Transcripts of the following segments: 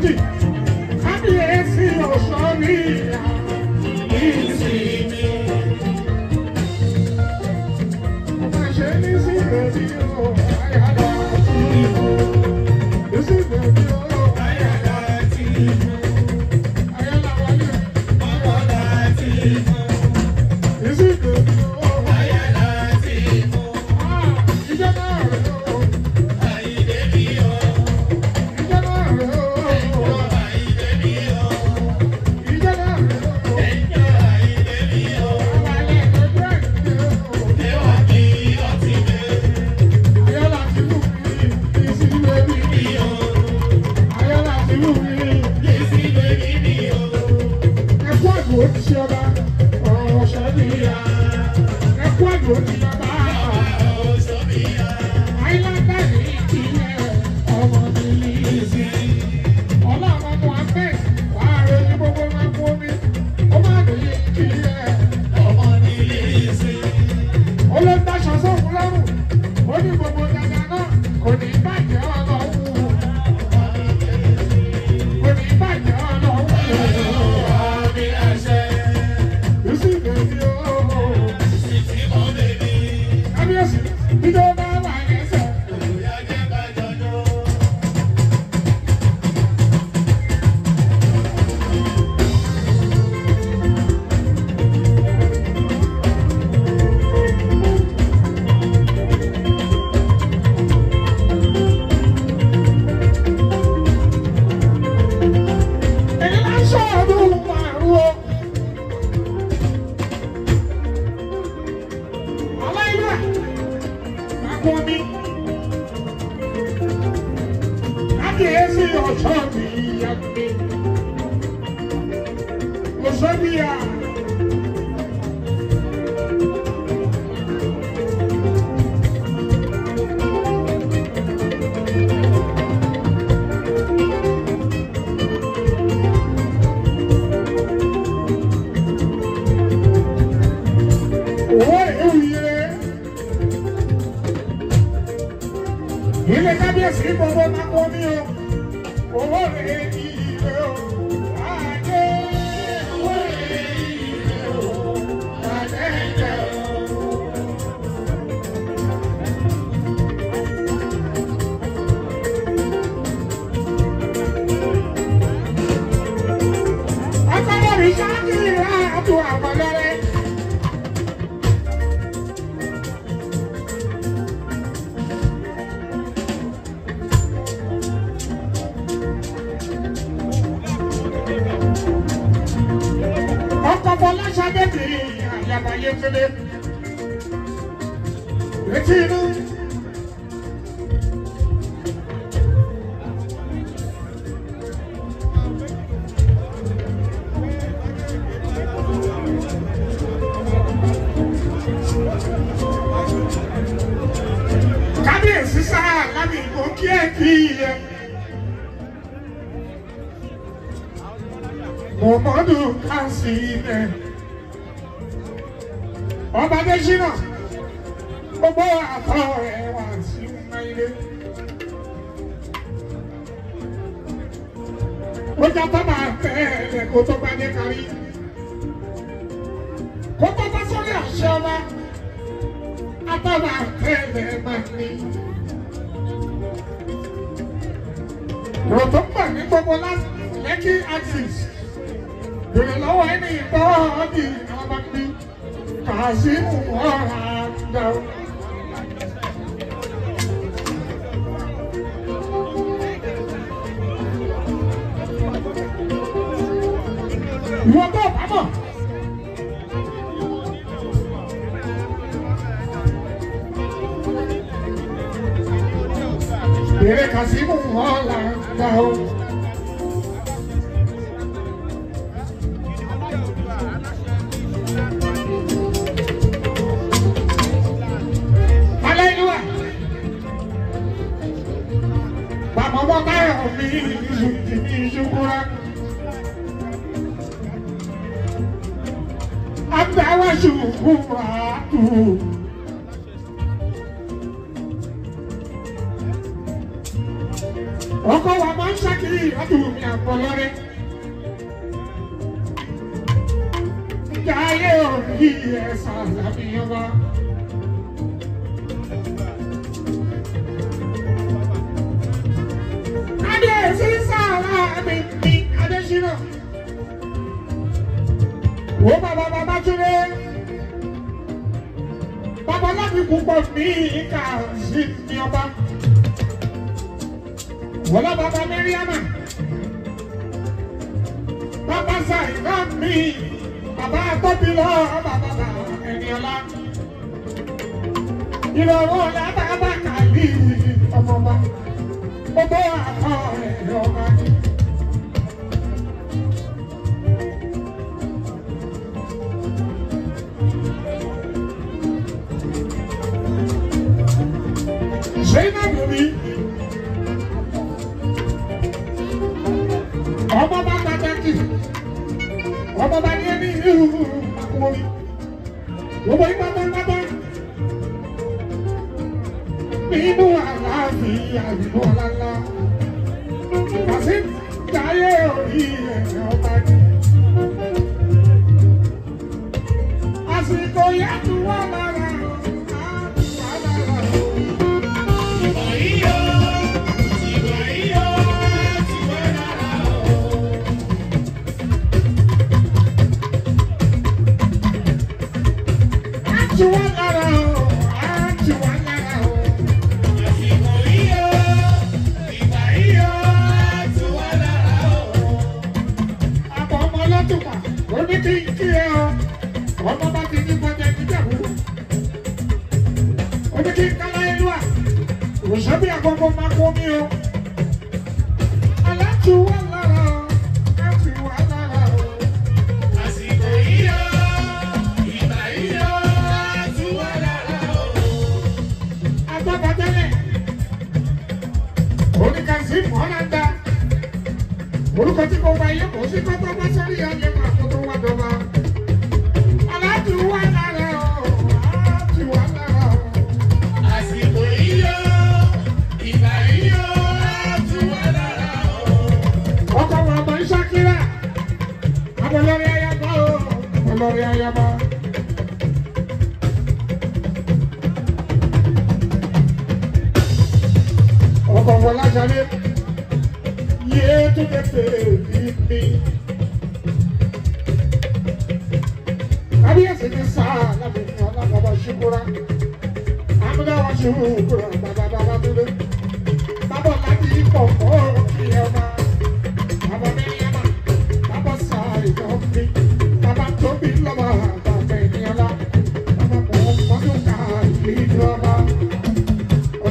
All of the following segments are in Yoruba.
对。òjíṣẹ́ ọba ọ̀ṣẹ́ nìyà ẹ̀kú àgbò nìyà. ilé kábíyèsí ní gbogbo máa kọ́ mí o owó rèé てる kọmíṣínà gbogbo àtọ rẹ̀ wà it. ilé. kójà tó it. fẹ́ ẹ̀rẹ̀ kó tó bá dé kárí. kó tó bá sórí àṣẹ ọba àtọ́nà fẹ́ ẹ̀rẹ̀ máa ní. wò tó ń bọ̀ ní gbogbo lẹ́kí axis. bèrè lọ́wọ́ ẹni ìbọn ọ̀dì ọba mi. Kazeem Waranda. Wọ́n ربي شكرا أنت وشكرا ọkọ wa máa ń ṣàkíyì ọdún mi àbọ̀ lọ́rẹ́. ìjà ayé òbí ẹ̀sán àbíyàn wa. mi ní Adésínà wo bàbá bàbá Túndé bàbá láti púpọ̀ ní ìka sí ní ọba wọlé bàbá Mẹ́ríàmà bàbá Sàìdá mi bàbá Akọ́bílọ́ bàbá bàbá ẹni ọlá ìlọ̀wọ́ làbàbà. Mm-hmm.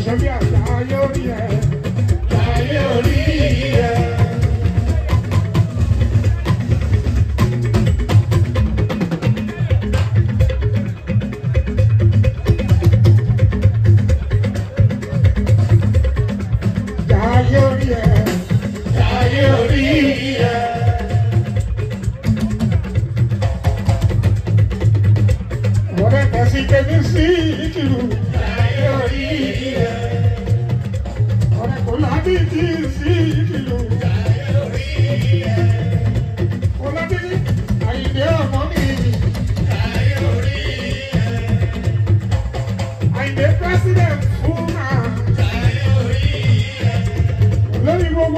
Cambiar.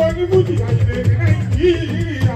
oníbùjì àyè yìí yìí yà.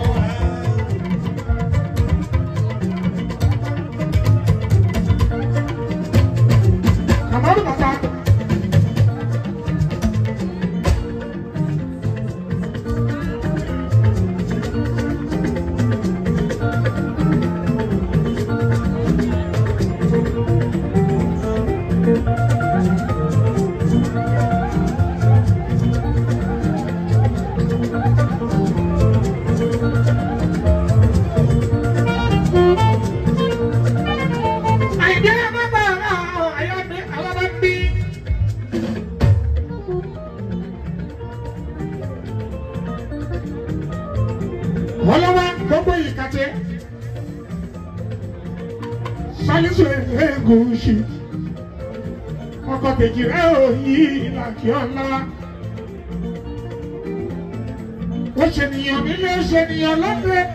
kejì rẹ̀ ò yí ìlàjì ọ̀la. ó ṣènìyàn nílé ó ṣènìyàn lọ́fẹ̀ẹ́.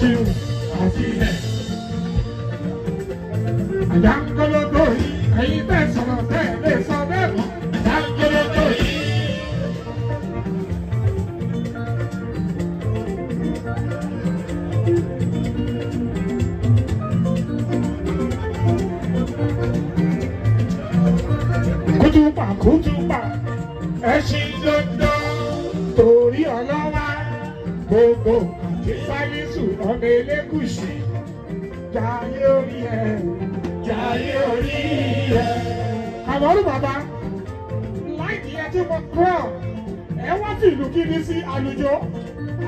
Ajiu Ajihẹ. Àjàngolódò yìí ẹ̀yin tẹ́ sọ̀rọ̀ tẹ́ lè sọ bẹ́ẹ̀ mọ́. Àjàngolódò yìí. Kútùpà kútùpà ẹṣin dandan torí ọlọ́wà gbogbo. Jésù ọmọ Ẹlẹ́gùṣì jayé orí ẹ jayé orí ẹ. àmọ́rù bàbá láìpẹ́ yẹn tí mo kọ́ ẹ wá sí ìlú kíní sí àlùjọ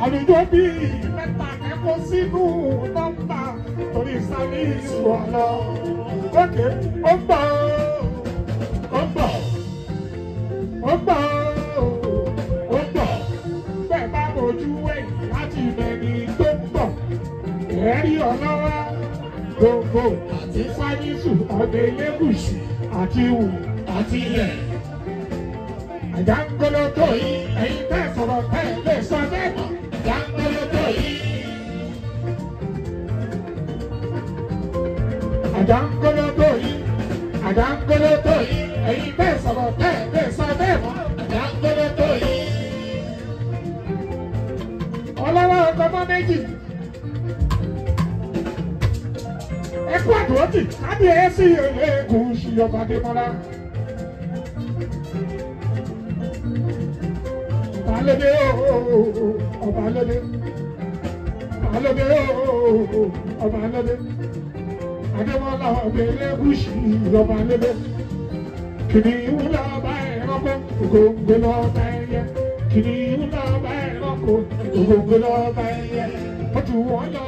àlùjọ bíi mẹ́ta ẹ̀kọ́ sínú nọ́mbà torí sáré ìṣù ọ̀nà. ó gbà á. ọ̀rẹ́rí ọlọ́wọ́ gbogbo àti sáyẹ́sù ọbẹ̀ elégùsù àti ìwù àti ilẹ̀. àjàngolótó yìí ẹ̀yin tẹ́ sọ̀rọ̀ tẹ́ lè sọ bẹ́ẹ̀ mọ́ àjàngolótó yìí. àjàngolótó yìí àjàngolótó yìí ẹ̀yin tẹ́ sọ̀rọ̀ tẹ́ lè sọ bẹ́ẹ̀ mọ́ àjàngolótó yìí. ọlọ́wọ́ ọgọ́mọ méjì. ẹ kú àdúrótì kábíyèsí eléegun ṣìyọba Adémọ́lá. Ọbalẹ́dẹ́ ooo ọbalẹ́dẹ́ ọbalẹ́dẹ́ ooo ọbalẹ́dẹ́ Adémọ́lá ọbẹ̀ eléegun ṣìyọba lẹ́dẹ́ kìnìún lọ́ba ẹ̀rọ́kọ́ ògòǹgbò lọ́ba ẹ̀yẹ kìnìún lọ́ba ẹ̀rọ́kọ́ ògòǹgbò lọ́ba ẹ̀yẹ ó ti wọ́n lọ.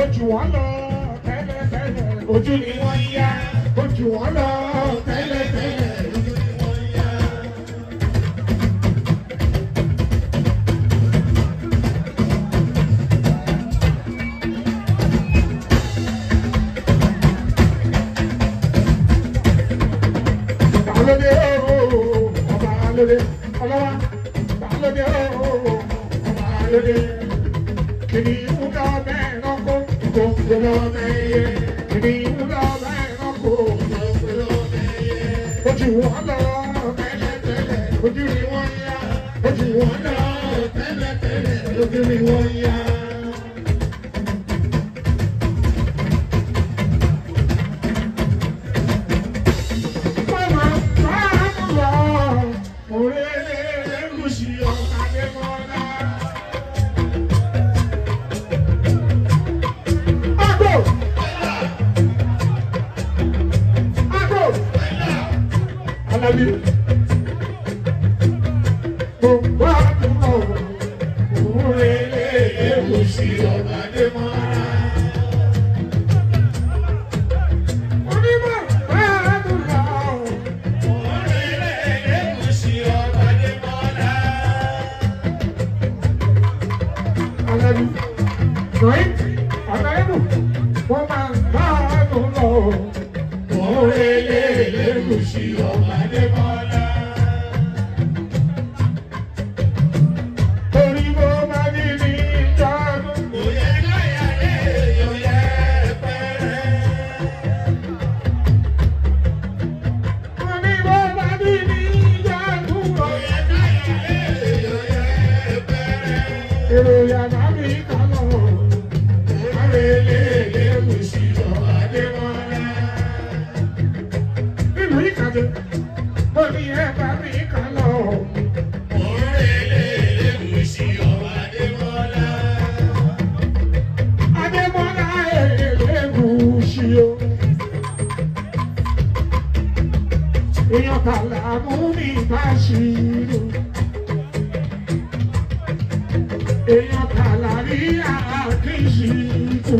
ojú wọn lọ tẹ́lẹ̀tẹ́lẹ̀ ojú ni wọ́n yá ojú wọn lọ tẹ́lẹ̀tẹ́lẹ̀. Hallelujah. you you Ojú ni wọ́n yá, ojú wọn náà, tẹ́lẹ̀ tẹ́lẹ̀, you ni wọ́n yá. èèyàn kàlà ní àkíyèsí kù.